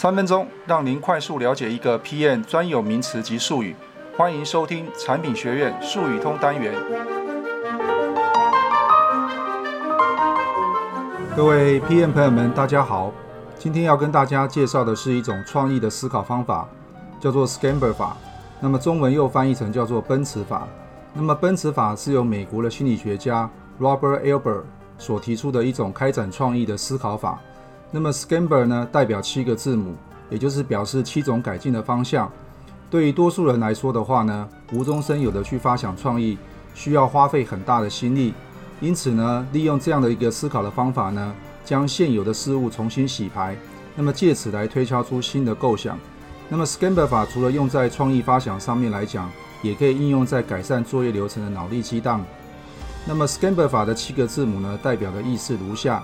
三分鐘讓您快速了解一個 PM 專有名詞及術語，歡迎收聽產品學院術語通單元。各位 PM 朋友們，大家好，今天要跟大家介紹的是一種創意的思考方法，叫做 SCAMPER 法，那麼中文又翻譯成叫做奔馳法。那麼奔馳法是由美國的心理學家 Robert Eberle 所提出的一種開展創意的思考法。那麼 SCAMPER 呢，代表七個字母，也就是表示七種改進的方向。對於多數人來說的話呢，無中生有的去發想創意，需要花費很大的心力。因此呢，利用這樣的一個思考的方法呢，將現有的事物重新洗牌，那麼借此來推敲出新的構想。那麼 SCAMPER 法除了用在創意發想上面來講，也可以應用在改善作業流程的腦力激盪。那麼 SCAMPER 法的七個字母呢，代表的意思如下。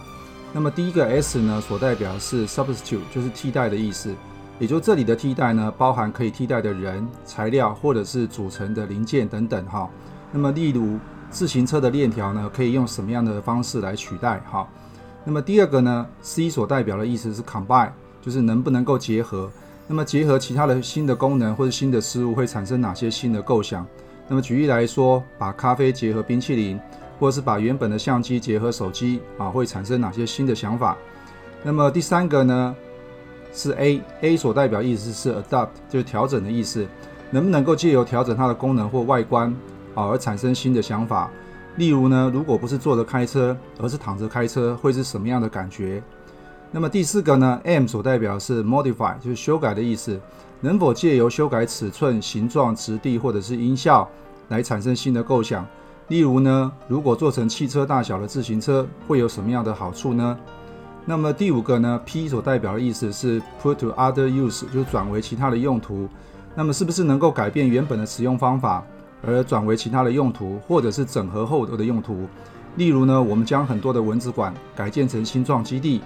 那麼第一個 S 呢，所代表的是 Substitute，就是替代的意思，也就這裡的替代呢，包含可以替代的人、材料或者是組成的零件等等哈。那麼例如自行車的鏈條呢，可以用什麼樣的方式來取代哈？那麼第二個呢，C 所代表的意思是 Combine，就是能不能夠結合？那麼結合其他的新的功能或者新的事物，會產生哪些新的構想？那麼舉例來說，把咖啡結合冰淇淋。或是把原本的相機結合手機啊，會產生哪些新的想法？那麼第三個呢，是 A A 所代表意思是 adapt，就是調整的意思，能不能夠借由調整它的功能或外觀啊，而產生新的想法？例如呢，如果不是坐着開車，而是躺着開車，會是什麼樣的感覺？那麼第四個呢，M 所代表是 modify，就是修改的意思，能否借由修改尺寸、形狀、質地或者是音效來產生新的構想？例如呢，如果做成汽車大小的自行車，會有什麼樣的好處呢？那麼第五個呢，P 所代表的意思是 put to other use，就轉為其他的用途。那麼是不是能夠改變原本的使用方法，而轉為其他的用途，或者是整合後的用途？例如呢，我們將很多的蚊子館改建成新創基地。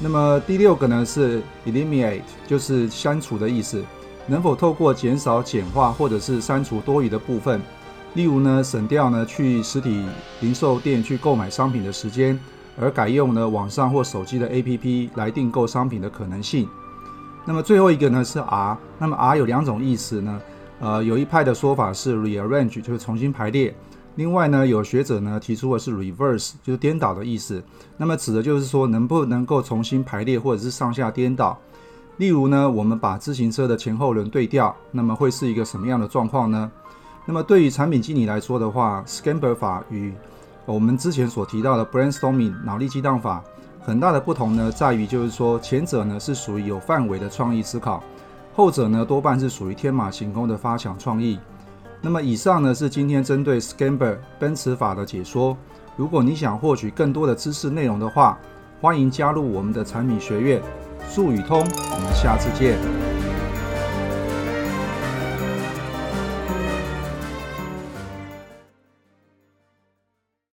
那麼第六個呢是 eliminate，就是刪除的意思。能否透過減少、簡化或者是刪除多餘的部分？例如呢，省掉呢去實體零售店去購買商品的時間，而改用呢網上或手機的 APP 來訂購商品的可能性。那麼最後一個呢是 R，那麼 R 有兩種意思呢，呃，有一派的說法是 rearrange，就是重新排列，另外呢有學者呢提出的是 reverse，就是顛倒的意思。那麼指的就是說能不能夠重新排列或者是上下顛倒。例如呢，我們把自行車的前後輪對調，那麼會是一個什麼樣的狀況呢？那麼對於產品經理來說的話，SCAMPER 法與我們之前所提到的 Brainstorming 腦力激盪法很大的不同呢，在於就是說前者呢是屬於有範圍的創意思考，後者呢多半是屬於天馬行空的發想創意。那麼以上呢是今天針對 SCAMPER 奔馳法的解說。如果你想獲取更多的知識內容的話，歡迎加入我們的產品學院術語通。我們下次見。